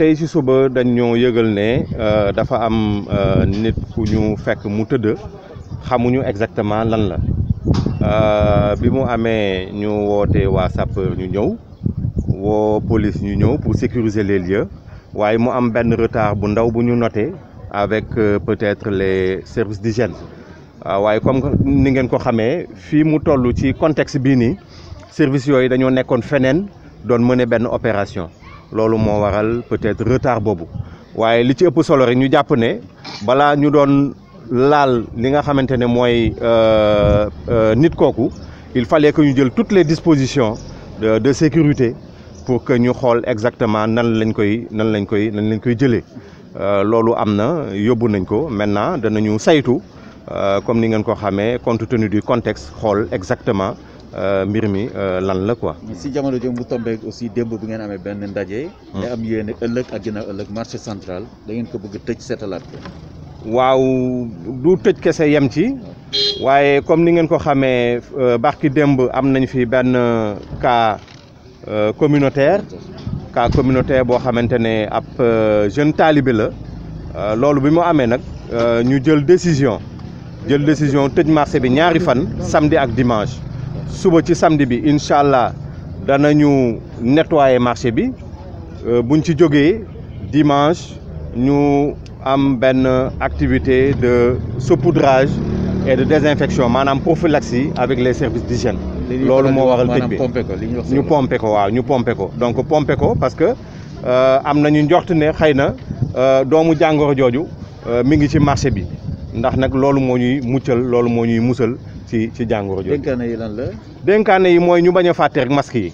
tey ci suba dañ ñoo yëgal ne euh, dafa am euh, nit ku ñu fekk mu teud xamuñu exactement lan la euh, bi mu amé ñu woté wa sapeur ñu ñëw woo police ñu ñëw pour sécuriser les lieux waye mu am ben retard bu ndaw bu ñu noté avec peut-être les services d'hygiène waye comme ni ngeen ko xamé fi mu tollu ci contexte bi ni service yoy dañu nekkoon fenen doon mener ben opération lolu mo waral peut-être retard bobu waye li ci ëpp solo rek ñu japp né bala ñu doon laal li nga xamante ne euh, euh, nit koku il fallait que ñu jël toutes les dispositions de de sécurité pour que ñu xol exactement nan lañ koy nan lañ koy nan lañ koy jëlé euh, lolu amna yobbu nañ ko maintenant danañu saytu euh, comme ni ngeen ko xamé compte tenu du contexte xol exactement euh, mbir que euh, lan la quoi. si jamono jëm bu aussi demb bi ngeen vous ben ndaje. que hmm. am yéne vu ak vous marché central da ko bëgg du tejj vu ci comme ni ko euh, barki fi communautaire jeune talibé la ñu jël décision jël décision marché bi ñaari fan samedi ak dimanche suba ci samedi bi inshallah allah danañu nettoyer marché bi euh, buñ ci jógee dimanche ñu am ben activité de saupoudrage et de désinfection manam prophylaxie avec les services d'hygiène lolu mo waral tëj bi ñu pomper ko waaw ñu pomper ko donc pomper ko parce que euh, nañu njort ne xeyna euh, doomu jàngoro jooju euh, mi ngi ci marché bi ndax nak loolu moo ñuy muccal loolu moo ñuy musal ci ci jàngoro jooju. dénkaane yi lan la. dénkaane yi mooy ñu bañ a fàtte rek masque yi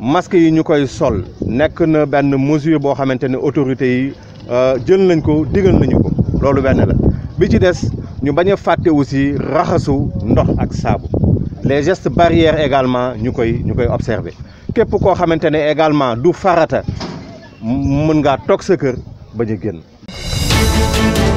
masque yi ñu koy sol nekk na benn mesure boo xamante ne autorités yi euh, jël nañ ko digal nañu ko loolu benn la bi ci des ñu bañ a fàtte aussi raxasu ndox ak saabu les gestes barrières également ñu koy ñu koy observer képp koo xamante ne également du farata mën ngaa toog sa kër bañ a génn.